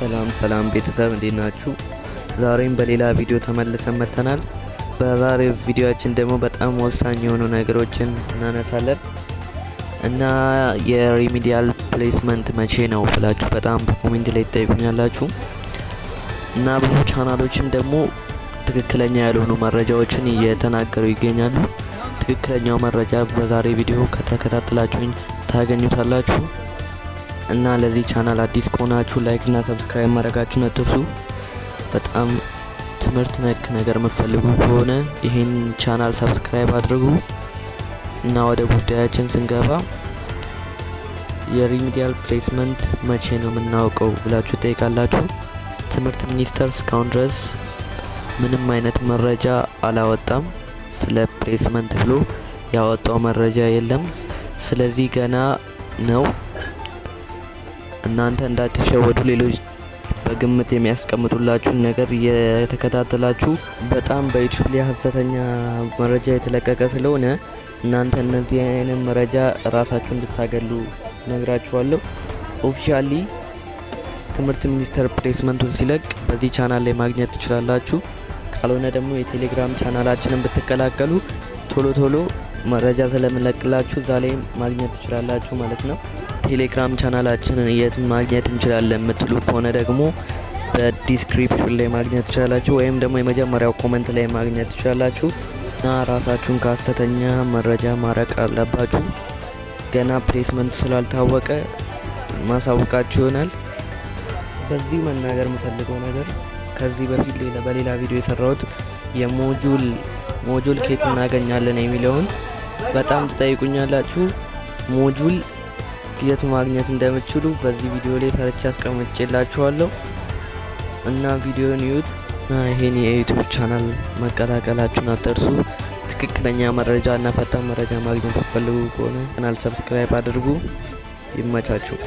ሰላም ሰላም ቤተሰብ እንዴት ናችሁ? ዛሬም በሌላ ቪዲዮ ተመልሰን መጥተናል። በዛሬው ቪዲዮችን ደግሞ በጣም ወሳኝ የሆኑ ነገሮችን እናነሳለን እና የሪሚዲያል ፕሌስመንት መቼ ነው ብላችሁ በጣም በኮሜንት ላይ ትጠይቁኛላችሁ እና ብዙ ቻናሎችም ደግሞ ትክክለኛ ያልሆኑ መረጃዎችን እየተናገሩ ይገኛሉ። ትክክለኛው መረጃ በዛሬ ቪዲዮ ከተከታተላችሁኝ ታገኙታላችሁ። እና ለዚህ ቻናል አዲስ ከሆናችሁ ላይክ እና ሰብስክራይብ ማድረጋችሁን አትርሱ። በጣም ትምህርት ነክ ነገር የምትፈልጉ ከሆነ ይህን ቻናል ሰብስክራይብ አድርጉ። እና ወደ ጉዳያችን ስንገባ የሪሚዲያል ፕሌስመንት መቼ ነው የምናውቀው ብላችሁ ጠይቃላችሁ። ትምህርት ሚኒስቴር እስካሁን ድረስ ምንም አይነት መረጃ አላወጣም። ስለ ፕሌስመንት ብሎ ያወጣው መረጃ የለም። ስለዚህ ገና ነው። እናንተ እንዳትሸወዱ ሌሎች በግምት የሚያስቀምጡላችሁን ነገር እየተከታተላችሁ በጣም በዩቱብ ላይ ሀሰተኛ መረጃ የተለቀቀ ስለሆነ እናንተ እነዚህ አይነት መረጃ ራሳችሁ እንድታገሉ ነግራችኋለሁ። ኦፊሻሊ ትምህርት ሚኒስቴር ፕሌስመንቱን ሲለቅ በዚህ ቻናል ላይ ማግኘት ትችላላችሁ። ካልሆነ ደግሞ የቴሌግራም ቻናላችንን ብትቀላቀሉ ቶሎ ቶሎ መረጃ ስለምለቅላችሁ እዛ ላይ ማግኘት ትችላላችሁ ማለት ነው። የቴሌግራም ቻናላችንን የት ማግኘት እንችላለን የምትሉ ከሆነ ደግሞ በዲስክሪፕሽን ላይ ማግኘት ትችላላችሁ፣ ወይም ደግሞ የመጀመሪያው ኮመንት ላይ ማግኘት ትችላላችሁ እና ራሳችሁን ከሀሰተኛ መረጃ ማረቅ አለባችሁ። ገና ፕሌስመንት ስላልታወቀ ማሳወቃችሁ ይሆናል። በዚሁ መናገር የምፈልገው ነገር ከዚህ በፊት በሌላ ቪዲዮ የሰራሁት የሞጁል ሞጁል ኬት እናገኛለን የሚለውን በጣም ትጠይቁኛላችሁ ሞጁል የት ማግኘት እንደምችሉ በዚህ ቪዲዮ ላይ ተረቻ አስቀምጬላችኋለሁ እና ቪዲዮን ይዩት እና ይሄን የዩቲዩብ ቻናል መቀላቀላችሁን አትርሱ። ትክክለኛ መረጃ እና ፈጣን መረጃ ማግኘት ፈልጉ ከሆነ ቻናል ሰብስክራይብ አድርጉ። ይመቻችሁ።